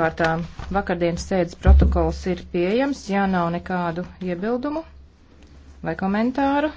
kārtām. Vakardienas sēdes protokols ir pieejams, ja nav nekādu iebildumu vai komentāru.